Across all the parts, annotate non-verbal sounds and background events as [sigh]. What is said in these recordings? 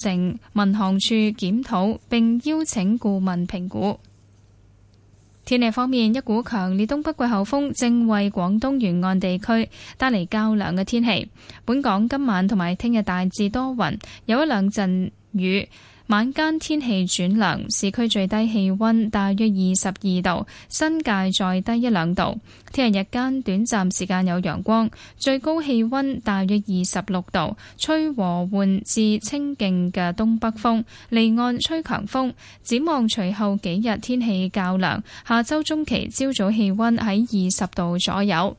城民航處檢討，並邀請顧問評估。天氣方面，一股強烈東北季候風正為廣東沿岸地區帶嚟較涼嘅天氣。本港今晚同埋聽日大致多雲，有一兩陣雨。晚間天氣轉涼，市區最低氣溫大約二十二度，新界再低一兩度。聽日日間短暫時間有陽光，最高氣溫大約二十六度，吹和緩至清勁嘅東北風，離岸吹強風。展望隨後幾日天氣較涼，下周中期朝早氣溫喺二十度左右。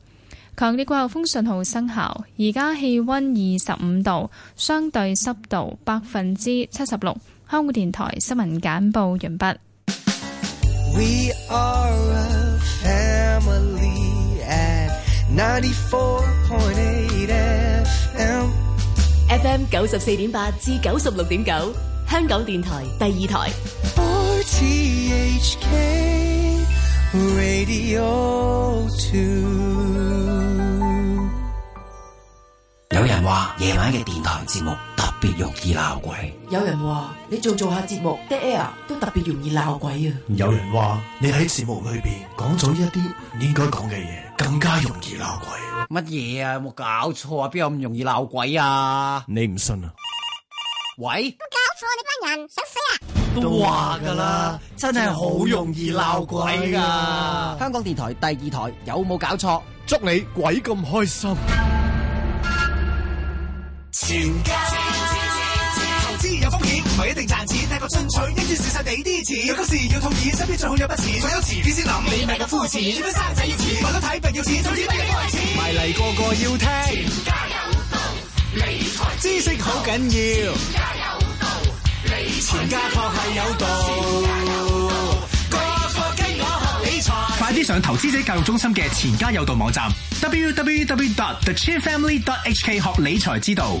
強烈季候風信號生效，而家氣溫二十五度，相對濕度百分之七十六。香港電台新聞簡報完畢。FM 九十四點八至九十六點九，香港電台第二台。有人話夜晚嘅電台節目特別容易鬧鬼。有人話你做做下節目，啲 Air 都特別容易鬧鬼啊。有人話你喺節目裏邊講咗一啲應該講嘅嘢，更加容易鬧鬼。乜嘢啊？有冇搞錯啊？邊有咁容易鬧鬼啊？你唔信啊？喂，冇搞錯你班人想死啊？都話噶啦，真係好容易鬧鬼噶。香港電台第二台有冇搞錯？祝你鬼咁開心。錢家投資有風險，唔係一定賺錢。太過進取，一於蝕曬啲啲錢。有急事要套現，身邊最好有筆錢。所有錢點先諗？你咪夠膚淺。要乜生仔要錢，買屋睇病要錢，總之第一個孩子買嚟個個要聽。錢家有道，理財知，知識好緊要。錢家有道，理財錢家確係有道。有道個個跟我學理財，快啲上投資者教育中心嘅錢家有道網站，w w w dot the chin family dot h k 學理財之道。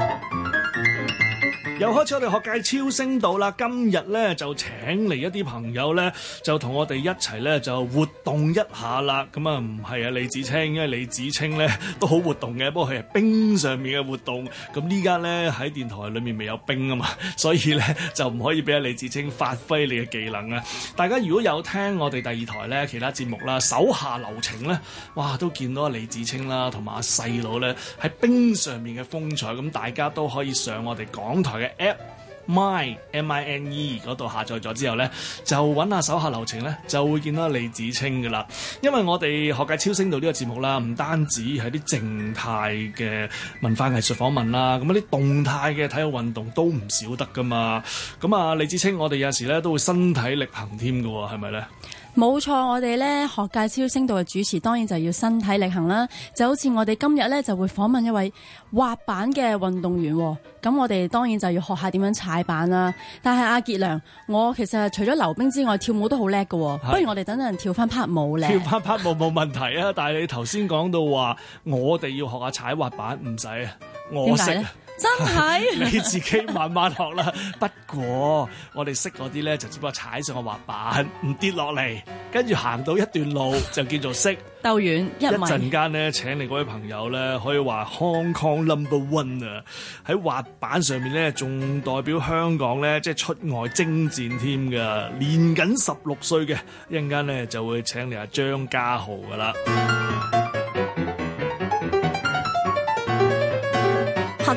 又開始我哋學界超聲道啦！今日咧就請嚟一啲朋友咧，就同我哋一齊咧就活動一下啦。咁啊，唔係啊李芷菁，因為李芷菁咧都好活動嘅，不過佢係冰上面嘅活動。咁依家咧喺電台裏面未有冰啊嘛，所以咧就唔可以俾阿李芷菁發揮你嘅技能啊！大家如果有聽我哋第二台咧其他節目啦，手下留情咧，哇都見到阿李芷菁啦，同埋阿細佬咧喺冰上面嘅風采，咁大家都可以上我哋港台嘅 App My mine, M I N E 嗰度下載咗之後咧，就揾下手下流程咧，就會見到李芷菁噶啦。因為我哋學界超聲度呢個節目啦，唔單止係啲靜態嘅文化藝術訪問啦，咁啲動態嘅體育運動都唔少得噶嘛。咁啊，李芷菁我哋有時咧都會身體力行添噶喎，係咪咧？冇錯，我哋咧學界超聲道嘅主持，當然就要身體力行啦。就好似我哋今日咧就會訪問一位滑板嘅運動員，咁我哋當然就要學下點樣踩板啦。但係阿杰良，我其實除咗溜冰之外，跳舞都好叻㗎。是不如我哋等陣跳翻拍舞咧？跳翻拍舞冇問題啊！ [laughs] 但係你頭先講到話，我哋要學下踩滑板，唔使啊，我識 [laughs] 真係 [laughs] 你自己慢慢學啦。 [laughs] 不過我哋識嗰啲咧，就只不過踩上個滑板唔跌落嚟，跟住行到一段路就叫做識。兜遠 [laughs] 一陣間咧，請你嗰位朋友咧可以話 Hong Kong Number One 啊！喺滑板上面咧，仲代表香港咧，即係出外征戰添噶。年僅十六歲嘅一陣間咧，就會請你阿張家豪噶啦。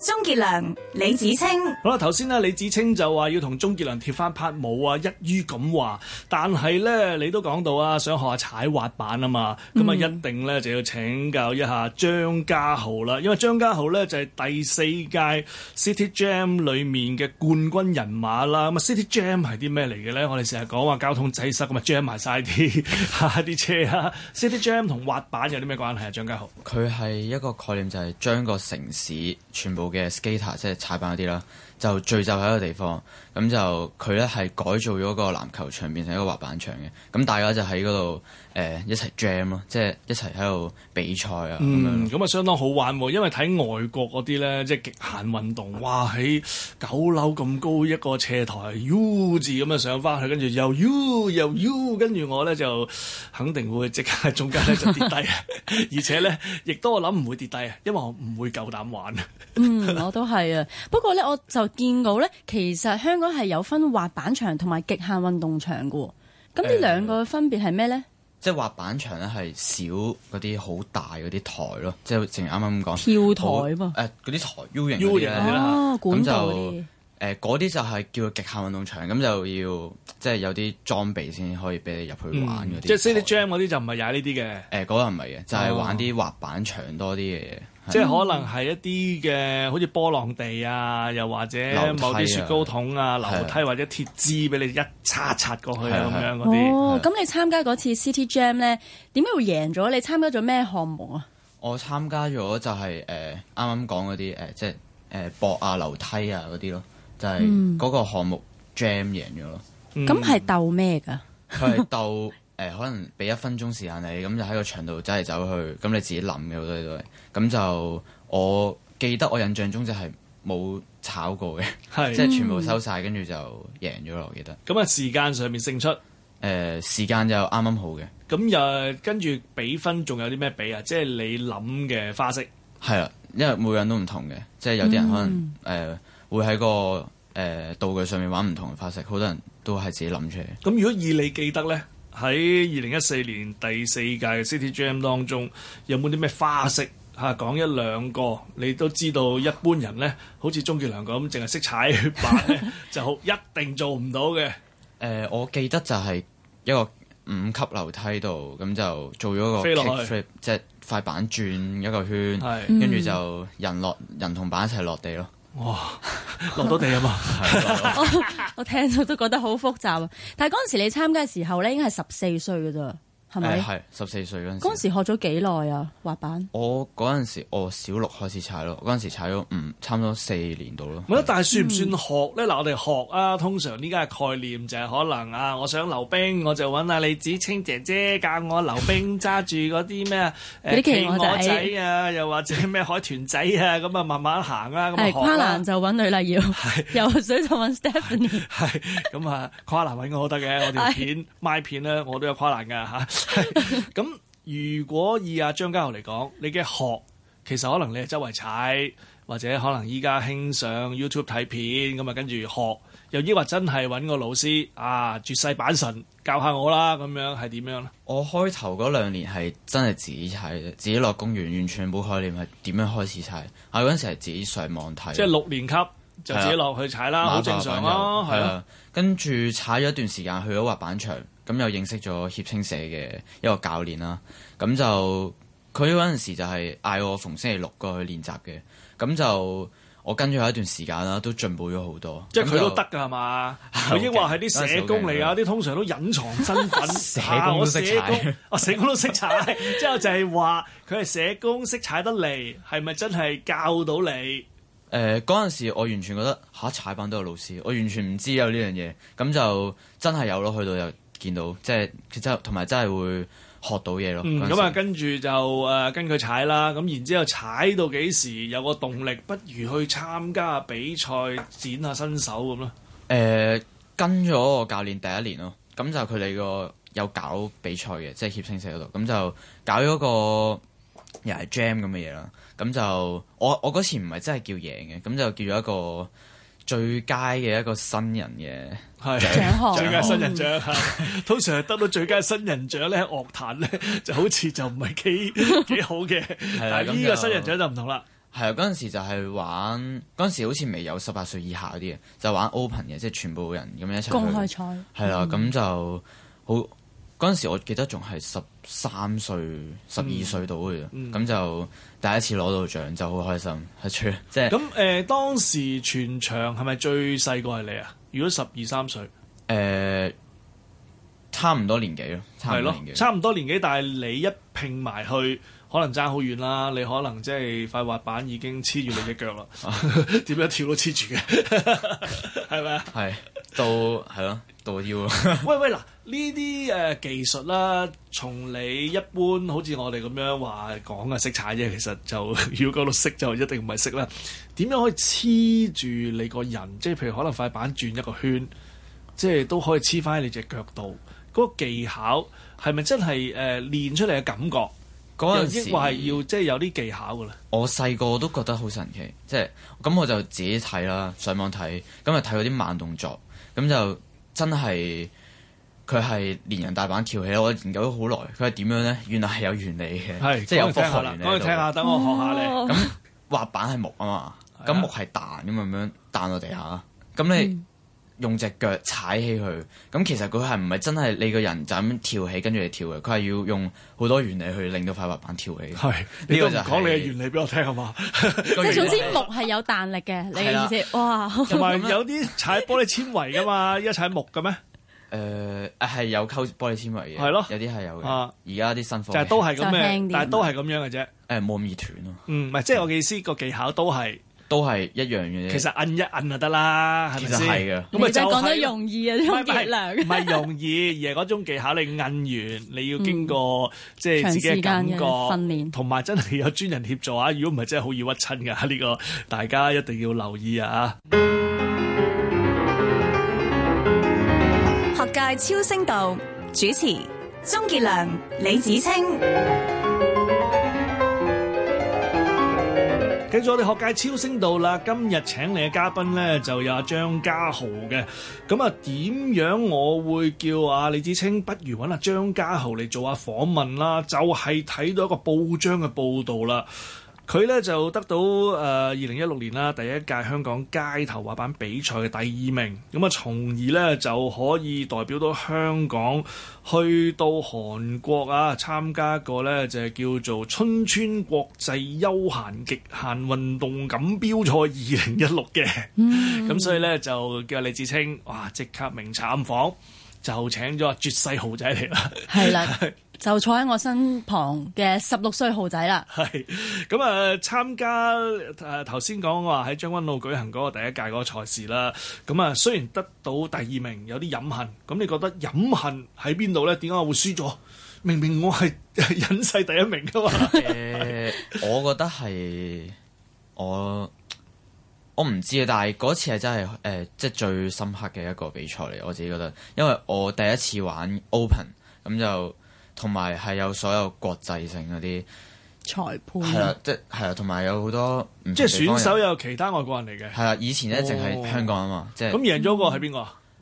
鐘杰良、李芷菁，好啦，頭先呢，李芷菁就話要同鐘杰良貼翻拍舞啊，一於咁話，但係咧你都講到啊，想學下踩滑板啊嘛，咁啊、嗯、一定咧就要請教一下張家豪啦，因為張家豪咧就係第四屆 City Jam 裏面嘅冠軍人馬啦，咁啊 City Jam 係啲咩嚟嘅咧？我哋成日講話交通擠塞，咁啊 jam 埋晒啲吓啲車，City Jam 同滑板有啲咩關係啊？張家豪，佢係一個概念就係將個城市全部。嘅 skater 即係踩板嗰啲啦，就聚集喺一個地方，咁就佢咧係改造咗個籃球場，變成一個滑板場嘅，咁大家就喺嗰度。誒，一齊 jam 咯，即係一齊喺度比賽啊！嗯，咁啊相當好玩喎，因為睇外國嗰啲咧，即係極限運動，哇喺九樓咁高一個斜台，U 字咁樣上翻去，跟住又 U 又 U，跟住我咧就肯定會即刻喺中間咧就跌低 [laughs] 而且咧，亦都我諗唔會跌低啊，因為我唔會夠膽玩啊！嗯，我都係啊， [laughs] 不過咧我就見到咧，其實香港係有分滑板場同埋極限運動場㗎喎，咁呢兩個分別係咩咧？嗯即係滑板場咧，係少嗰啲好大嗰啲台咯，即係正啱啱咁講跳台噃，誒嗰啲台 U 型嗰啲、啊、啦，咁度就誒嗰啲就係叫極限運動場，咁就要即係有啲裝備先可以俾你入去玩嗰啲、嗯。即係 city jam 嗰啲就唔係踩呢啲嘅，誒嗰、呃嗰個唔係嘅，就係、是、玩啲滑板場多啲嘅嘢。 [noise] 即係可能係一啲嘅，好似波浪地啊，又或者某啲雪糕筒啊、樓梯或者鐵枝俾你一叉擦過去咁、啊、是的 樣嗰啲。哦，咁是的 你參加嗰次 City Jam 咧，點解會贏咗？你參加咗咩項目啊？我參加咗就係、是、誒，啱啱講嗰啲誒，即係誒博啊、樓梯啊嗰啲咯，就係、是、嗰個項目 Jam 贏咗咯。咁係、嗯、鬥咩㗎？佢係鬥。誒、呃，可能俾一分鐘時間你咁就喺個場度走嚟走去，咁你自己諗嘅好多嘢都係咁就。我記得我印象中就係冇炒過嘅，即係是 [laughs] 全部收晒，跟住就贏咗咯。我記得咁啊、嗯呃，時間上面勝出誒，時間就啱啱好嘅。咁誒，跟住比分仲有啲咩比啊？即、就、係、是、你諗嘅花式係啊，因為每個人都唔同嘅，即、就、係、是、有啲人可能誒、嗯呃、會喺個誒、呃、道具上面玩唔同嘅花式，好多人都係自己諗出嚟。咁如果以你記得呢？喺二零一四年第四屆嘅 City Jam 當中，有冇啲咩花式吓？講、嗯啊、一兩個，你都知道一般人咧，好似鍾傑良咁，淨係識踩血板咧， [laughs] 就好，一定做唔到嘅。誒、呃，我記得就係一個五級樓梯度，咁就做咗個 kickflip 飛落嚟，即係塊板轉一個圈，係跟住就人落、嗯、人同板一齊落地咯。哇，落到地啊嘛！係我我聽到都覺得好複雜啊。但係嗰陣時你參加嘅時候咧，應該係十四歲㗎咋。係咪？係十四歲嗰陣時。嗰時學咗幾耐啊滑板？我嗰陣時我小六開始踩咯，嗰陣時踩咗唔差唔多四年度咯。但係算唔算學咧？嗱，我哋學啊，通常呢家嘅概念就係可能啊，我想溜冰，我就揾阿李子清姐姐教我溜冰，揸住嗰啲咩啊，企鵝仔啊，又或者咩海豚仔啊，咁啊慢慢行啊。咁係跨欄就揾呂麗瑤，游水就揾 Stephanie。係咁啊，跨欄揾我都得嘅，我條片 My 片咧，我都有跨欄噶吓。咁 [laughs] 如果以阿張家豪嚟講，你嘅學其實可能你係周圍踩，或者可能依家興上 YouTube 睇片咁啊，跟住學，又抑或真係揾個老師啊，絕世板神教下我啦，咁樣係點樣咧？我開頭嗰兩年係真係自己踩，自己落公園，完全冇概念係點樣開始踩。我嗰陣時係自己上網睇。即係六年級就自己落去踩啦，好的正常咯。係啊，跟住踩咗一段時間，去咗滑板場。咁又認識咗協青社嘅一個教練啦。咁就佢嗰陣時就係嗌我逢星期六過去練習嘅。咁就我跟住有一段時間啦，都進步咗好多。即係佢都得㗎，係嘛？佢應話係啲社工嚟、嗯、啊，啲通常都隱藏身份我社工，我社工都識踩。之後就係話佢係社工識踩得嚟，係咪真係教到你？誒、嗰陣時我完全覺得嚇、啊、踩板都有老師，我完全唔知有呢樣嘢。咁就真係有咯，去到有。見到即係，其實同埋真係會學到嘢咯。咁啊，就呃、跟住就誒、呃、跟佢踩啦。咁然之後踩到幾時有個動力，不如去參加比賽，展下身手咁啦。誒、呃，跟咗個教練第一年咯。咁就佢哋個有搞比賽嘅，即係協青社嗰度。咁就搞咗個又係 jam 咁嘅嘢啦。咁就我我嗰次唔係真係叫贏嘅，咁就叫咗一個。最佳嘅一個新人嘅是，係項項 最佳新人獎。 [laughs] 通常係得到最佳新人獎咧，樂壇咧就好似就唔係幾幾好嘅。係啦，咁呢個新人獎就唔同啦。係啊，嗰陣、啊、時就係玩，嗰陣時好似未有十八歲以下嗰啲嘅，就是、玩 open 嘅，即係全部人咁樣一齊公開賽。係啦、啊，咁、嗯、就好。嗰陣時，我記得仲係十三歲、十二歲到嘅，咁、嗯嗯、就第一次攞到獎，就好開心，係即係。咁誒、呃，當時全場係咪最細個係你啊？如果十二三歲，誒、呃，差唔多年紀咯，係咯，差唔多，多年紀，但係你一拼埋去，可能爭好遠啦。你可能即係塊滑板已經黐住你隻腳啦，點樣 [laughs] 跳都黐住嘅，係咪啊？係。到，係咯，到腰咯。喂喂，嗱呢啲誒技術啦，從你一般好似我哋咁樣話講嘅識踩啫，其實就如果度識就一定唔係識啦。點樣可以黐住你個人？即係譬如可能塊板轉一個圈，即係都可以黐翻你隻腳度。嗰個技巧係咪真係誒練出嚟嘅感覺？嗰陣時話要即係有啲技巧㗎啦。我細個都覺得好神奇，即係咁我就自己睇啦，上網睇咁啊睇嗰啲慢動作。咁就真係佢係連人帶板跳起，我研究咗好耐，佢係點樣咧？原來係有原理嘅，是即係有科學原理。講下啦，下等我學下咧。咁滑板係木啊嘛，咁木係彈咁樣彈落地下啦。咁你～ [laughs] 用隻腳踩起佢，咁其實佢係唔係真係你個人就咁跳起跟住你跳嘅？佢係要用好多原理去令到塊滑板跳起。係呢個就講你嘅原理俾我聽，好嘛？即係總之木係有彈力嘅，你嘅意思？哇！同埋有啲踩玻璃纖維噶嘛，而家踩木嘅咩？誒係有溝玻璃纖維嘅，係咯，有啲係有嘅。而家啲新貨就都係咁，但係都係咁樣嘅啫。誒冇咁易斷咯。唔係即係我嘅意思，個技巧都係。都係一樣嘅其實，摁一摁就得啦，係咪先？其實講得、就係、容易啊，鍾傑良。唔係容易， [laughs] 而係嗰種技巧，你摁完你要經過、嗯、即係自己嘅感覺長時間嘅訓練，同埋真係有專人協助啊！如果唔係，真係好易屈親㗎。呢個大家一定要留意啊！學界超聲道主持鍾傑良、李芷菁。繼續我哋學界超聲道啦，今日請嚟嘅嘉賓咧就有阿張家豪嘅，咁啊點樣我會叫啊李芷菁不如揾阿張家豪嚟做下、啊、訪問啦，就係、是、睇到一個報章嘅報道啦。佢咧就得到誒二零一六年啦，第一屆香港街頭滑板比賽嘅第二名，咁啊從而呢就可以代表到香港去到韓國啊參加一個咧就叫做春川國際休閒極限運動錦標賽二零一六嘅，咁、嗯、 [laughs] 所以呢就叫李芷菁哇即刻明查暗訪就請咗絕世豪仔嚟啦，係啦。就坐喺我身旁嘅十六歲豪仔啦，係咁啊！參、呃、加誒，頭先講我話喺將軍澳舉行嗰個第一屆嗰個賽事啦。咁啊，雖然得到第二名，有啲飲恨。咁你覺得飲恨喺邊度呢？點解會輸咗？明明我係隱世第一名噶嘛。誒、呃， [laughs] 是我覺得係我我唔知啊。但係嗰次係真係誒、呃，即係最深刻嘅一個比賽嚟。我自己覺得，因為我第一次玩 open 咁就。同埋係有所有國際性嗰啲裁判，係啊，即係啊，啊同埋有好多即係選手有其他外國人嚟嘅。係啊，以前一直係香港啊嘛，即係咁贏咗個係邊、嗯、個？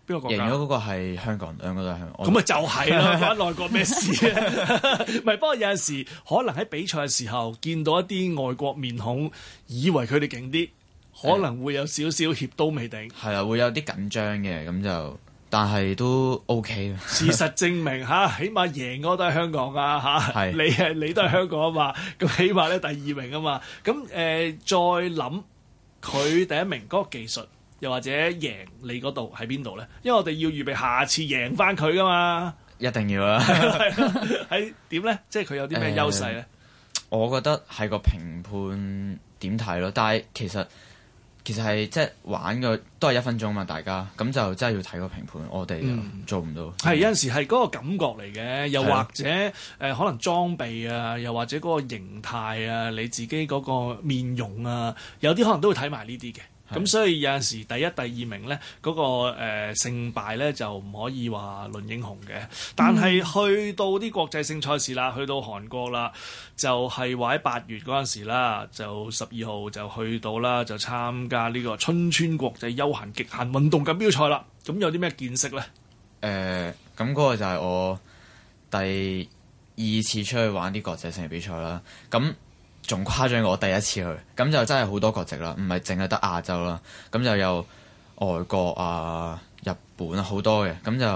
邊個贏咗嗰個係香港，兩個都係香港。咁啊就係咯， [laughs] 關外國咩事咧？唔 [laughs] [laughs] 不過有陣時可能喺比賽嘅時候見到一啲外國面孔，以為佢哋勁啲，的可能會有少少怯都未定，係啊，會有啲緊張嘅，咁就。但係都 OK 嘅。事實證明嚇， [laughs] 起碼贏我都係香港啊嚇是。你係你都係香港啊嘛。咁 [laughs] 起碼咧第二名啊嘛。咁誒、呃、再諗佢第一名嗰個技術，又或者贏你嗰度喺邊度咧？因為我哋要預備下次贏返佢噶嘛。一定要啊！係點咧？即係佢有啲咩優勢咧、呃？我覺得係個評判點睇咯。但係其實。其實係即係玩嘅都係一分鐘啊嘛，大家咁就真係要睇個評判，嗯、我哋就做唔到係有陣時係嗰個感覺嚟嘅，又或者誒係嘅、呃、可能裝備啊，又或者嗰個形態啊，你自己嗰個面容啊，有啲可能都會睇埋呢啲嘅。咁是所以有陣時第一第二名呢嗰、那個誒、呃、勝敗呢就唔可以話論英雄嘅，嗯、但係去到啲國際性賽事啦，去到韓國啦，就係話喺八月嗰陣時啦，就十二號就去到啦，就參加呢個春川國際休閒極限運動錦標賽啦。咁有啲咩見識呢？誒、呃，咁嗰個就係我第二次出去玩啲國際性嘅比賽啦。咁仲誇張過我第一次去，咁就真係好多國籍啦，唔係淨係得亞洲啦，咁就有外國啊、日本好多嘅，咁就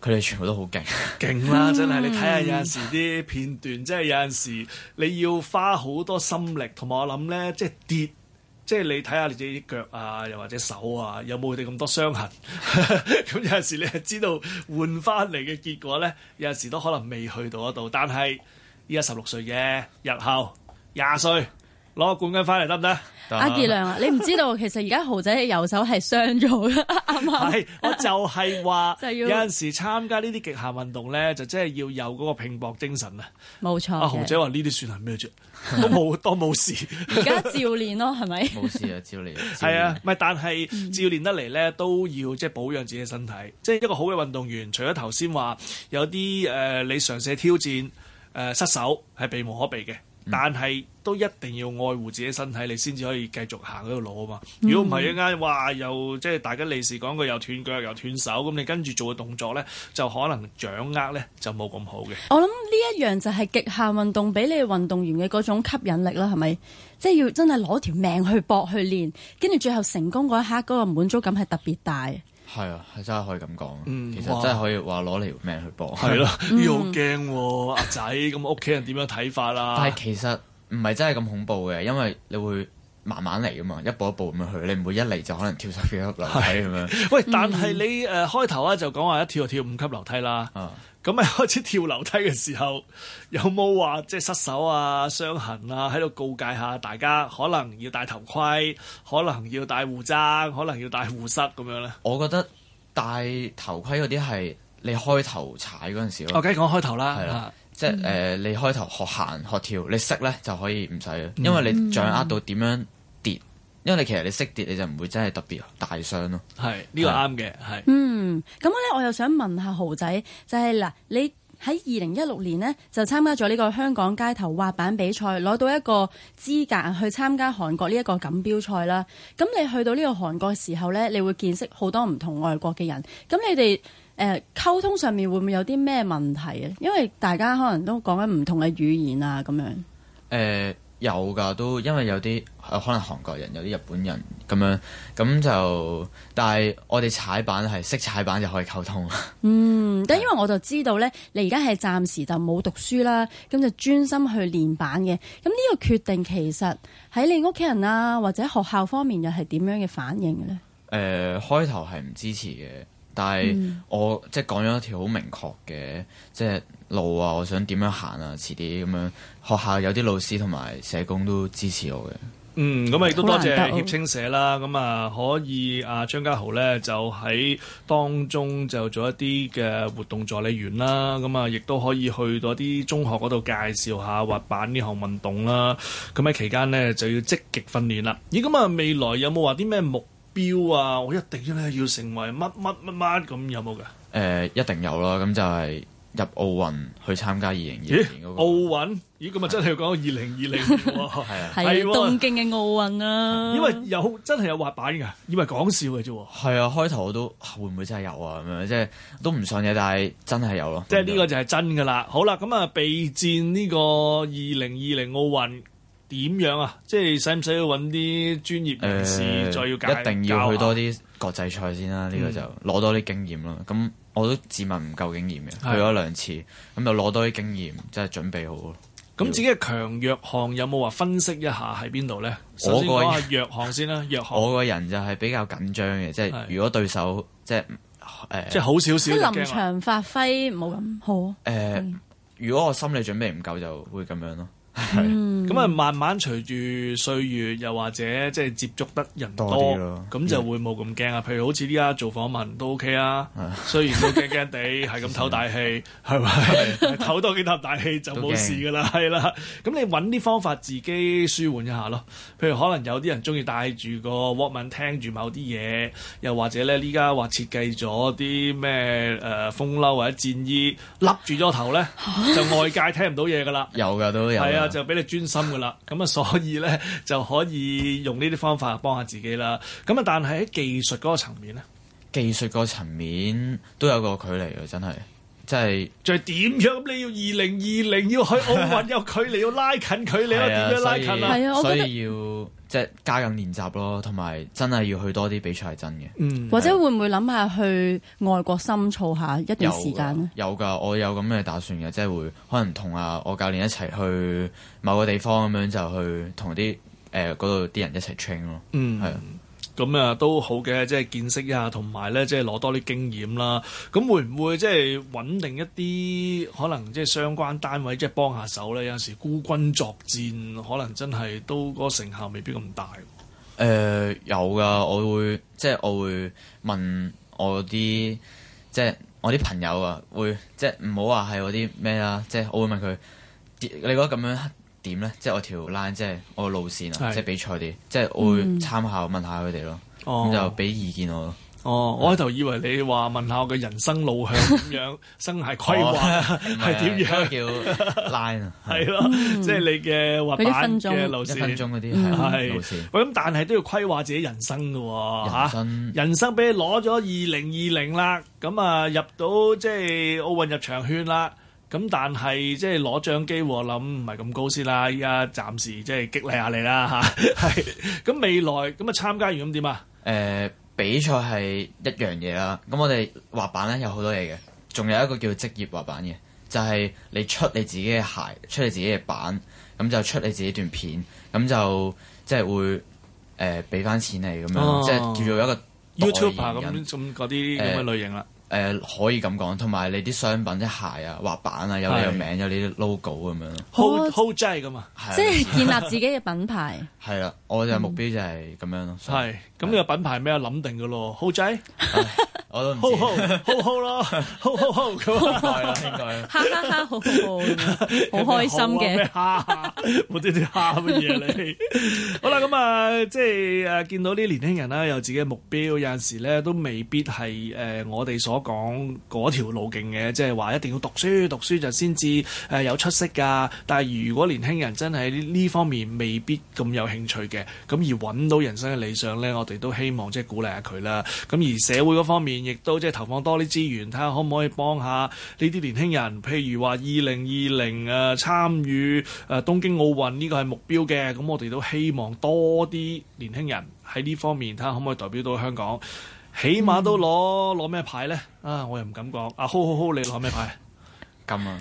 佢哋全部都好勁，勁啦 [laughs] 真係！你睇下有陣時啲片段，即係有陣時你要花好多心力，同埋我諗呢，即係跌，即係你睇下你自己隻腳啊，又或者手啊，有冇佢哋咁多傷痕？咁 [laughs] 有陣時你係知道換翻嚟嘅結果呢，有陣時都可能未去到嗰度，但係。依家十六歲嘅，日後廿歲攞個冠軍翻嚟得唔得？阿杰良，啊，你唔知道其實而家豪仔嘅右手係傷咗啦。係我就係話有陣時參加呢啲極限運動咧，就真係要有嗰個拼搏精神啊。冇錯。阿豪仔話呢啲算係咩啫？都冇，都冇事，而家照練咯，係咪？冇事啊，照練，係啊，咪但係照練得嚟咧，都要即係保養自己嘅身體。即係一個好嘅運動員，除咗頭先話有啲誒，你嘗試挑戰。誒、呃、失手係避無可避嘅，嗯、但係都一定要愛護自己身體，你先至可以繼續行嗰條路啊嘛！如果唔係一陣間話又即係大家利是講句又斷腳又斷手，咁你跟住做嘅動作咧，就可能掌握咧就冇咁好嘅。我諗呢一樣就係極限運動俾你運動員嘅嗰種吸引力啦，係咪？即、就、係、是、要真係攞條命去搏去練，跟住最後成功嗰一刻嗰、那個滿足感係特別大。係啊，係真係可以咁講，嗯、其實真係可以話攞嚟條命去搏。係咯的，呢個、嗯、好驚喎、啊，阿仔，咁屋企人點樣睇法啊？ [laughs] 但係其實唔係真係咁恐怖嘅，因為你會慢慢嚟㗎嘛，一步一步咁樣去，你唔會一嚟就可能跳十幾級樓梯咁的樣。喂，但係你誒開頭啊，嗯呃、就講話一跳就跳五級樓梯啦。嗯。咁咪開始跳樓梯嘅時候，有冇話即係失手啊、傷痕啊，喺度告誡下大家，可能要戴頭盔，可能要戴護踭，可能要戴護膝咁樣咧？我覺得戴頭盔嗰啲係你開頭踩嗰陣時咯。我梗係講開頭啦，係啦，即係誒，你開頭學行學跳，你識咧就可以唔使，因為你掌握到點樣。因為你其實你識跌，你就唔會真係特別大傷咯。係呢個啱嘅。係嗯，咁咧我，我又想問下豪仔，就係嗱，你喺二零一六年呢，就參加咗呢個香港街頭滑板比賽，攞到一個資格去參加韓國呢一個錦標賽啦。咁你去到呢個韓國嘅時候呢，你會見識好多唔同外國嘅人。咁你哋誒溝通上面會唔會有啲咩問題啊？因為大家可能都講緊唔同嘅語言啊，咁樣誒。呃有㗎，都因為有啲可能韓國人，有啲日本人咁樣，咁就但係我哋踩板係識踩板就可以溝通啦。嗯，但因為我就知道呢，你而家係暫時就冇讀書啦，咁就專心去練板嘅。咁呢個決定其實喺你屋企人啊，或者學校方面又係點樣嘅反應呢？誒、呃，開頭係唔支持嘅。但係我即係講咗一條好明確嘅即係路啊，我想點樣行啊，遲啲咁樣。學校有啲老師同埋社工都支持我嘅。嗯，咁啊亦都多謝協青社啦。咁啊、嗯嗯、可以，道可以啊張家豪咧就喺當中就做一啲嘅活動助理員啦。咁啊亦都可以去到一啲中學嗰度介紹下滑板呢項運動啦。咁喺期間呢，就要積極訓練啦。咦咁啊未來有冇話啲咩目標啊！我一定要咧，要成為乜乜乜乜咁，有冇噶？誒，一定有啦，咁就係入奧運去參加二零二零嗰奧運。咦？咁啊真係要講到二零二零係啊，係、啊啊、東京嘅奧運啊因。因為有真係有滑板噶，以為講笑嘅啫。係啊，開頭我都、啊、會唔會真係有啊？咁樣即係都唔信嘅，但係真係有咯。即係呢個就係真噶啦。好啦，咁啊備戰呢個二零二零奧運。點樣啊？即係使唔使要揾啲專業人士再要解教？一定要去多啲國際賽先啦，呢個就攞多啲經驗咯。咁我都自問唔夠經驗嘅，去咗兩次，咁就攞多啲經驗，即係準備好咯。咁自己嘅強弱項有冇話分析一下喺邊度咧？我個弱項先啦，弱項。我個人就係比較緊張嘅，即係如果對手即係誒，即係好少少，即係臨場發揮冇咁好。誒，如果我心理準備唔夠，就會咁樣咯。係，咁啊，慢慢隨住歲月，又或者即係接觸得人多，咁就會冇咁驚啊。譬如好似呢家做訪問都 OK 啊，雖然都驚驚地，係咁唞大氣，係咪唞多幾啖大氣就冇事噶啦？係啦，咁你搵啲方法自己舒緩一下咯。譬如可能有啲人中意戴住個 walkman，聽住某啲嘢，又或者咧，呢家話設計咗啲咩誒風褸或者戰衣，笠住咗頭咧，就外界聽唔到嘢噶啦。有噶都有。就俾你專心嘅啦，咁啊所以咧就可以用呢啲方法幫下自己啦。咁啊，但係喺技術嗰個層面咧，技術嗰個層面都有個距離嘅，真係。即係，再點樣？你要二零二零要去奧運 [laughs] 有距離，要拉近距離啊！點樣拉近以啊？係啊，所以要即係、就是、加緊練習咯，同埋真係要去多啲比賽真嘅。嗯，或者會唔會諗下去外國深造下一段時間咧？有㗎，我有咁嘅打算嘅，即係會可能同啊我教練一齊去某個地方咁樣就去同啲誒嗰度啲人一齊 train 咯。嗯，係啊。咁啊、嗯，都好嘅，即係見識一下，同埋咧，即係攞多啲經驗啦。咁會唔會即係穩定一啲？可能即係相關單位即係幫下手咧。有陣時孤軍作戰，可能真係都嗰、那個成效未必咁大，啊。誒、呃，有㗎，我會即係、就是、我會問我啲即係我啲朋友啊，會即係唔好話係我啲咩啦。即、就、係、是、我會問佢，你覺得咁樣？點咧？即係我條 line，即係我路線啊！即係比賽啲，即係我會參考問下佢哋咯。咁就俾意見我。哦，我喺度以為你話問下我嘅人生路向點樣、生涯規劃係點樣叫 line 啊？係咯，即係你嘅滑板嘅路線。中嗰啲係路線喂，咁但係都要規劃自己人生嘅喎。嚇！人生俾你攞咗二零二零啦，咁啊入到即係奧運入場券啦。咁但係即係攞獎機會，我諗唔係咁高先啦。依家暫時即係激勵下你啦嚇。係咁 [laughs] 未來咁啊參加完咁點啊？誒、呃、比賽係一樣嘢啦。咁我哋滑板咧有好多嘢嘅，仲有一個叫做職業滑板嘅，就係、是、你出你自己嘅鞋，出你自己嘅板，咁就出你自己段片，咁就即係會誒俾翻錢你咁樣，哦、即係叫做一個 YouTuber 咁咁嗰啲咁嘅類型啦、呃。誒、呃、可以咁講，同埋你啲商品啲、就是、鞋啊、滑板啊，有你個名，是有有名，有你啲 logo 咁樣咯。好，好 J 咁啊，嘛即係建立自己嘅品牌。係啊， [laughs] [laughs] 我嘅目標就係咁樣咯。係，咁你個品牌咩啊？諗定㗎咯，好 J？好好，唔知 h o 咯，hold 啦，應該，哈哈哈好 o l 好開心嘅，吓，冇啲啲蝦乜嘢你，好啦，咁啊，即係誒見到啲年輕人啦，有自己嘅目標，有陣時咧都未必係誒我哋所講嗰條路徑嘅，即係話一定要讀書，讀書就先至誒有出息噶。但係如果年輕人真係呢方面未必咁有興趣嘅，咁而搵到人生嘅理想咧，我哋都希望即係鼓勵下佢啦。咁而社會嗰方面。亦都即係投放多啲資源，睇下可唔可以幫下呢啲年輕人。譬如話，二零二零啊，參與誒東京奧運呢個係目標嘅。咁我哋都希望多啲年輕人喺呢方面，睇下可唔可以代表到香港，起碼都攞攞咩牌呢？啊，我又唔敢講。啊，好好好，你攞咩牌？ [laughs] 咁啊！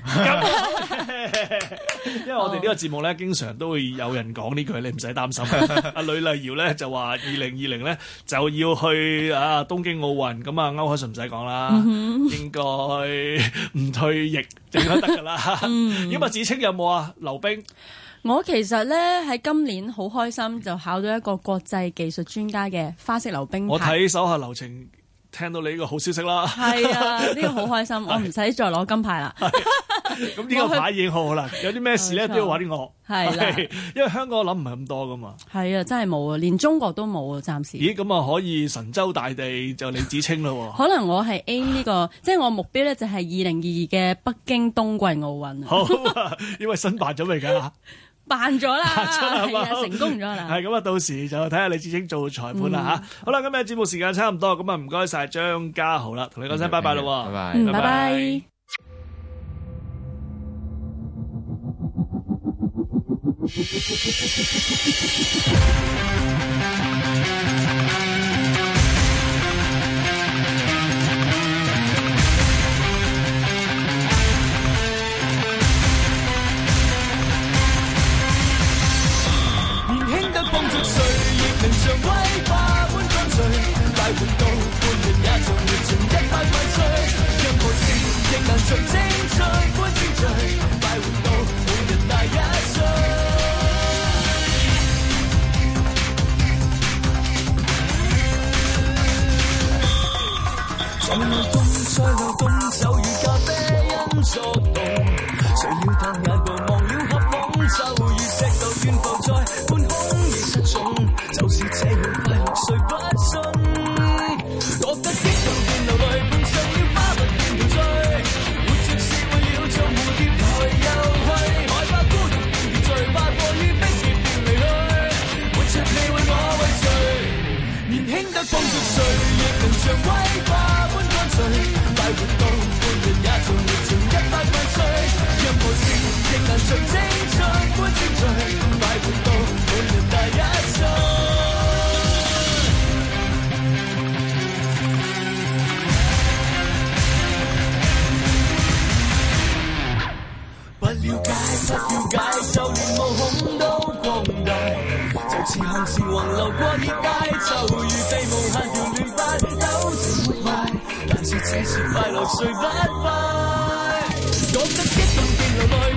因為我哋呢個節目咧，經常都會有人講呢句，你唔使擔心。阿呂麗瑤咧就話：二零二零咧就要去啊東京奧運，咁啊歐海順唔使講啦，應該唔退役就應該得噶啦。咁阿芷菁有冇啊溜冰？我其實咧喺今年好開心，就考到一個國際技術專家嘅花式溜冰牌。我睇手下留情。聽到你呢個好消息啦！係啊，呢、這個好開心， [laughs] 是我唔使再攞金牌啦。咁 [laughs] 去呢個牌已經好好啦，有啲咩事咧都要揾我。係是、啊，因為香港諗唔係咁多㗎嘛。係啊，真係冇啊，連中國都冇啊，暫時。咦，咁啊可以神州大地就李芷菁啦喎、啊。 [laughs] 可能我係 aim 呢個，即係我目標咧就係二零二二嘅北京冬季奧運。 [laughs] 好、啊，因為申辦咗未㗎？ [laughs] 辦咗啦，成功咗啦。係咁啊，到時就睇下李芷菁做裁判啦吓。好啦，今日節目時間差唔多，咁啊唔該晒張家豪啦，同你講聲拜拜啦，拜拜，拜拜。威化般乾脆，快活到半日也像活盡一百萬歲。任何事亦難像青春般清脆。時控前橫流過熱帶，就如被無限條亂髮，糾纏活埋。但是這是快樂誰不快？覺得激動便流淚。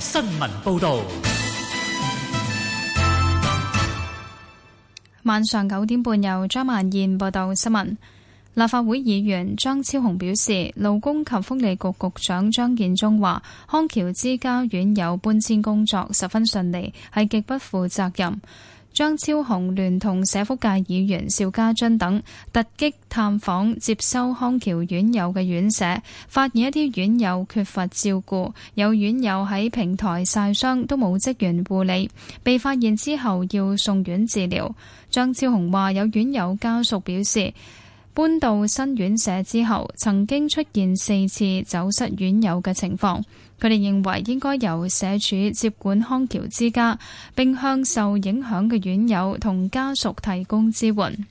新聞報道。晚上九點半有，由張萬燕報道新聞。立法會議員張超雄表示，勞工及福利局局長張建宗話，康橋之家院有搬遷工作十分順利，係極不負責任。張超雄聯同社福界議員邵家臻等突擊探訪接收康橋院友嘅院舍，發現一啲院友缺乏照顧，有院友喺平台曬傷都冇職員護理，被發現之後要送院治療。張超雄話：有院友家屬表示，搬到新院舍之後，曾經出現四次走失院友嘅情況。佢哋認為應該由社署接管康橋之家，並向受影響嘅院友同家屬提供支援。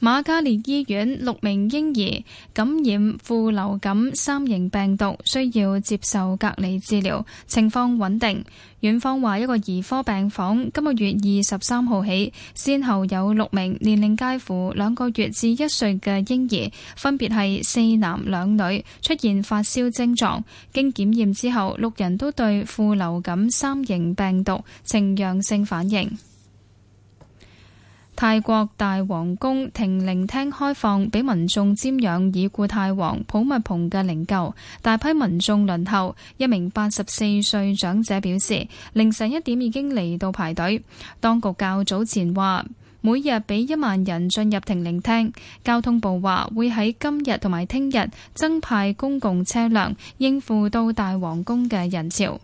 瑪嘉烈醫院六名嬰兒感染副流感三型病毒，需要接受隔離治療，情況穩定。院方話，一個兒科病房今個月二十三號起，先後有六名年齡介乎兩個月至一歲嘅嬰兒，分別係四男兩女，出現發燒症狀，經檢驗之後，六人都對副流感三型病毒呈陽性反應。泰國大皇宮停靈廳開放俾民眾瞻仰已故泰王普密蓬嘅靈柩，大批民眾輪候。一名八十四歲長者表示，凌晨一點已經嚟到排隊。當局較早前話，每日俾一萬人進入停靈廳。交通部話會喺今日同埋聽日增派公共車輛應付到大皇宮嘅人潮。